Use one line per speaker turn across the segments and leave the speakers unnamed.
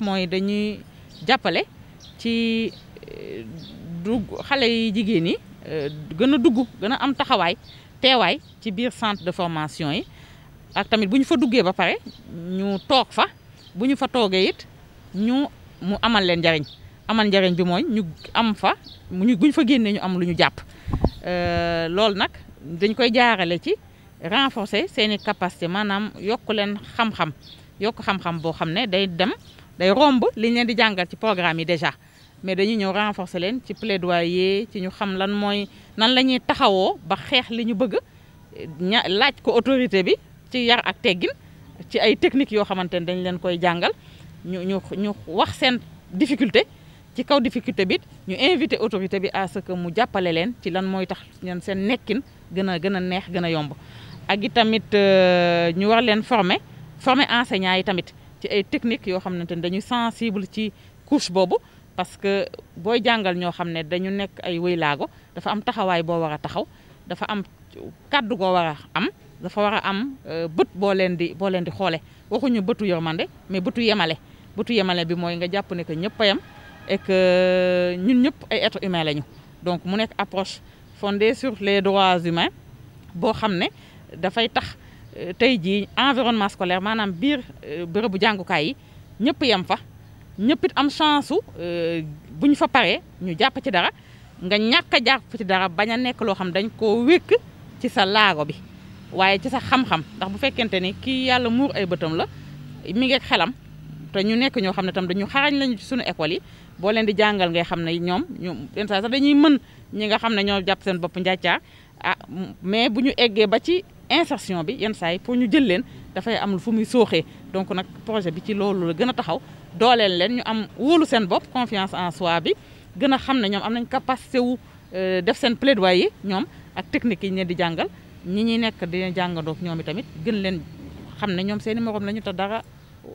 mooy dañuy jàppale ci eh, dugg xale yi jigéen yi eh, gën a dugg gën a am taxawaay teewaay ci biir centre de formation yi ak tamit bu ñu fa duggee ba pare ñu toog fa bu ñu fa toogee it ñu mu amal leen njariñ amal njariñ bi mooy ñu am fa ñu bu ñu fa génnee ñu am lu ñu jàpp eh, loolu nag dañ koy jaarale ci renforcer seeni capacité maanaam yokk leen xam-xam yokk xam-xam boo xam ne day dem day romb liñ leen di jàngal ci programme yi déjà mais dañuy ñëw renforcer leen ci plaidoyer ci ñu xam lan mooy nan la ñuy taxawoo ba xeex li ñu bëgg ña laaj ko autorité bi ci yar ak teggin ci ay techniques yoo xamante ne dañ leen koy jàngal ñu ñu ñu wax seen difficulté ci kaw difficulté bi ñu invité autorité bi à ce que mu jàppale leen ci lan mooy tax ñan seen nekkin gën a gën a neex gën a yomb ak i tamit euh, ñu war leen former former enseignants yi tamit ci ay techniques yoo xamante ni dañu sensible ci couche boobu parce que booy jàngal ñoo xam ne dañu nekk ay wëylaago dafa am taxawaay boo war a taxaw dafa am kàddu goo war a am dafa war a am euh, bët boo leen di boo leen di xoole waxuñu bëtu yërmande mais bëtu yemale bëtu yemale bi mooy nga jàpp ne que ñëpp a yem et euh, ñun ñëpp ay êtres humains lañu donc mu nekk approche fonde sur les droits humains boo xam ne dafay tax Euh, tey jii environnement scolaire maanaam biir euh, bërëbu jàngukaay yi ñëpp yem fa ñëpp am chance su euh, bu fa paree ñu jàpp ci dara nga ñàkk a jàpp ci dara bañ a nekk loo xam dañ koo wékk ci sa laago bi waaye ci sa xam-xam ndax bu fekkente ni kii yàlla muur ay bëtam la mi ngi xelam te ñu nekk ñoo xam ne tam dañu xarañ lañu ci suñu école yi boo leen di jàngal ngay xam ne ñoom ñoom yenn saa sax dañuy mën ñi nga xam ne ñoo jàpp seen bopp njàccaa ah mais bu ñu eggee ba ci insection bi yenn saa yi pour ñu jël leen dafay am fu muy sooxee donc nag projet bi ci loolu la gën a taxaw dooleel leen ñu am woolu seen bopp confiance en soi bi gën a xam ne ñoom am nañ capacité wu euh, def seen plaidoyer yi ñoom ak technique yi ñu di jàngal ñi ñuy nekk dina jàngandoo ak ñoom itamit gën leen xam ne ñoom seen i ñu te dara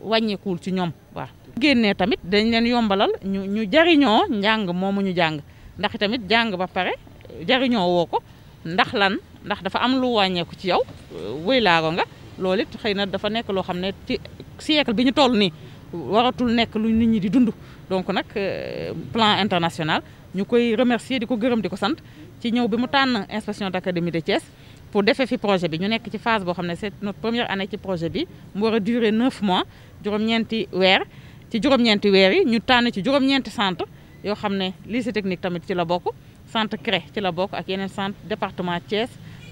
wàññeekuwul ci ñoom waa génne tamit dañ leen yombalal ñu ñu jariñoo njàng moomu ñu jàng ndax tamit jàng ba pare jariñoo woo ko ndax lan. ndax dafa am lu wàññeeku ci yow wéy laago nga loolu it xëy na dafa nekk loo xam ne ci siècle bi ñu toll nii waratul nekk lu nit ñi di dund donc nag euh, plan international ñu koy remercier di ko gërëm di ko sant ci ñëw bi mu tànn inspection d'académie de Thiès pour defee fi projet bi ñu nekk ci phase boo xam ne c'est notre première année ci projet bi mu war a durer neuf mois juróom-ñeenti weer ci juróom-ñeenti weer yi ñu tànn ci juróom-ñeenti centre yoo xam ne lycée technique tamit ci la bokk centre CREI ci la bokk ak yeneen centre département Thiès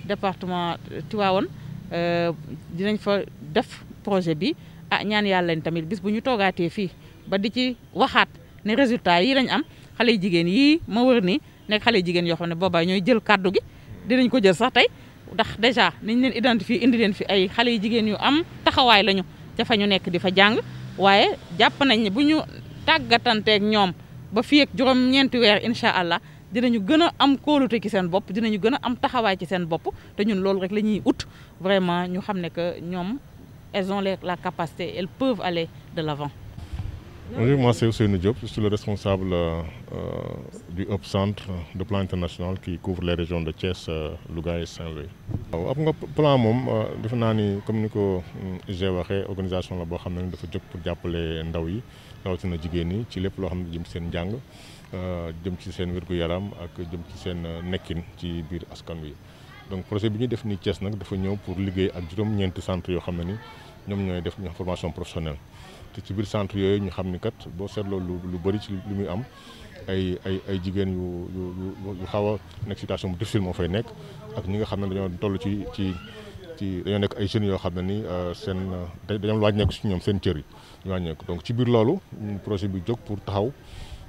département Tivaouane euh, dinañ fa def projet bi ah ñaan yàlla tamit bis bu ñu toogaatee fii ba di ci waxaat ne résultat yi lañ am xale yu jigéen yii ma wër ni nekk xale jigéen yoo xam ne boobaa ñooy jël kàddu gi dinañ ko jël sax tey ndax dèjà niñ leen identifier indi leen fi ay xale yu jigéen yu am taxawaay lañu dafa ñu nekk di fa jàng waaye jàpp nañ ne bu ñu tàggatanteeg ñoom ba fii ak juróom-ñeenti weer incha allah dinañu gën a am kóolute ki seen bopp dinañu gën a am taxawaay ci seen bopp te ñun loolu rek lañuy ñuy ut vraiment ñu xam ne que ñoom elles ont la capacité el peuvent aller de l'avant Bonjour, moi c'est
Ousseynou Diop, je suis le responsable euh, euh, du Hub Centre de plan international qui couvre les régions de Thiès, euh, Louga et Saint-Louis. waaw ab nga plan moom euh, defe naa ni comme ni ko j'ai waxee organisation la boo xam ne dafa jóg pour jàppale ndaw yi rawatina jigéen ñi ci lépp loo xam ne jëm ci seen njàng jëm ci seen wér yaram ak jëm ci seen nekkin ci biir askan wi donc projet bi ñu def nii Thiès nag dafa ñëw pour liggéey ak juróom-ñeenti centre yoo xam ne ni ñoom ñooy def ñu formation professionnelle te ci biir centre yooyu ñu xam ni kat boo seetloo lu lu bëri ci li muy am ay ay ay jigéen yu yu yu xaw a nekk situation bu difficile moo fay nekk ak ñi nga xam ne dañoo tollu ci ci ci dañoo nekk ay jeunes yoo xam ne ni euh, seen dañoo wàññeeku si ñoom seen cër yi ñu wàññeeku donc ci biir loolu projet bi jóg pour taxaw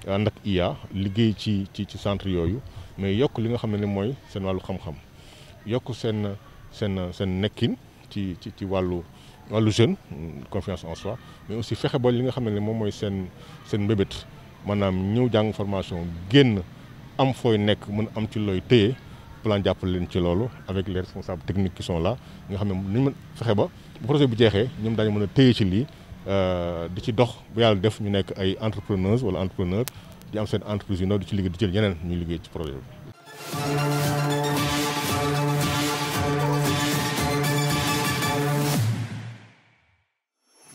ànd ak IA liggéey ci ci ci centre yooyu mais yokk li nga xam ne ni mooy seen wàllu xam-xam yokk seen seen seen nekkin ci ci ci wàllu wàllu jeune confiance en soi mais aussi fexe ba li nga xam ne moom mooy seen seen mbébét maanaam ñëw jàngu formation génn am fooy nekk mën am ci looy téye plan jàppale leen ci loolu avec les responsables techniques qui sont nga xam ne nañ mën fexe ba bu projet bu jeexee ñoom daañu mën a téye ci lii euh, di ci dox bu yàlla def ñu nekk ay entrepreneuse wala entrepreneur di am seen entreprise yu ndaw di ci liggéey di jël yeneen ñuy liggéey ci projet bi